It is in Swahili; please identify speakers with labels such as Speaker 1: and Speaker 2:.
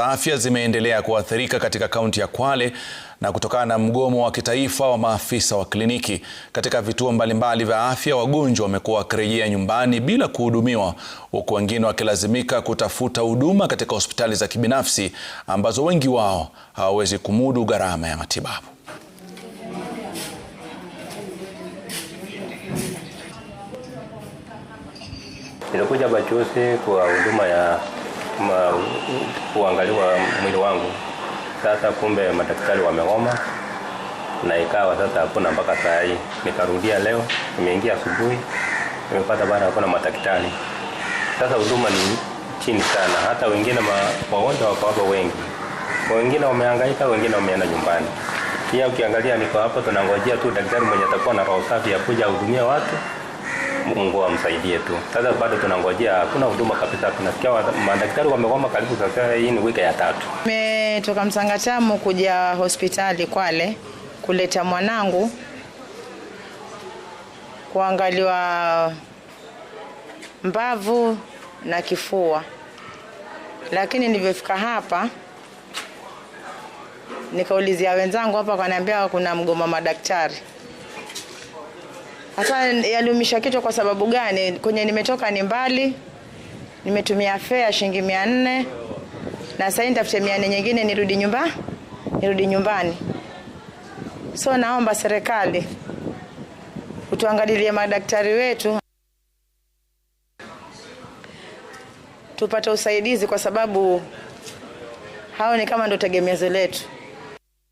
Speaker 1: za afya zimeendelea kuathirika katika kaunti ya Kwale na kutokana na mgomo wa kitaifa wa maafisa wa kliniki katika vituo mbalimbali vya afya, wagonjwa wamekuwa wakirejea nyumbani bila kuhudumiwa, huku wengine wakilazimika kutafuta huduma katika hospitali za kibinafsi ambazo wengi wao hawawezi kumudu gharama ya matibabu.
Speaker 2: Nilikuja majuzi kwa huduma ya kuangaliwa mwili wangu. Sasa kumbe madaktari wamehoma na ikawa sasa hakuna mpaka saa hii. Nikarudia leo, nimeingia asubuhi, nimepata bado hakuna madaktari. Sasa huduma ni chini sana, hata wengine wagonjwa wako wengi, wengine wameangaika wengine wameenda nyumbani. Pia ukiangalia niko hapo tunangojea tu daktari mwenye atakuwa na roho safi ya kuja ahudumia watu. Mungu amsaidie tu. Sasa bado tunangojea, hakuna huduma kabisa. Tunasikia madaktari wamekwama karibu, sasa hii ni wiki ya tatu.
Speaker 3: Nimetoka Msangatamu kuja hospitali Kwale kuleta mwanangu kuangaliwa mbavu na kifua, lakini nilivyofika hapa nikaulizia wenzangu hapa, kaniambia kuna mgomo madaktari. Hasa yaliumisha kichwa kwa sababu gani? Kwenye nimetoka ni mbali, nimetumia fare shilingi mia nne na sasa nitafute mia nne nyingine nirudi nyumba nirudi nyumbani. So naomba serikali utuangalilie madaktari wetu tupate usaidizi, kwa sababu hao ni kama ndo tegemezo letu.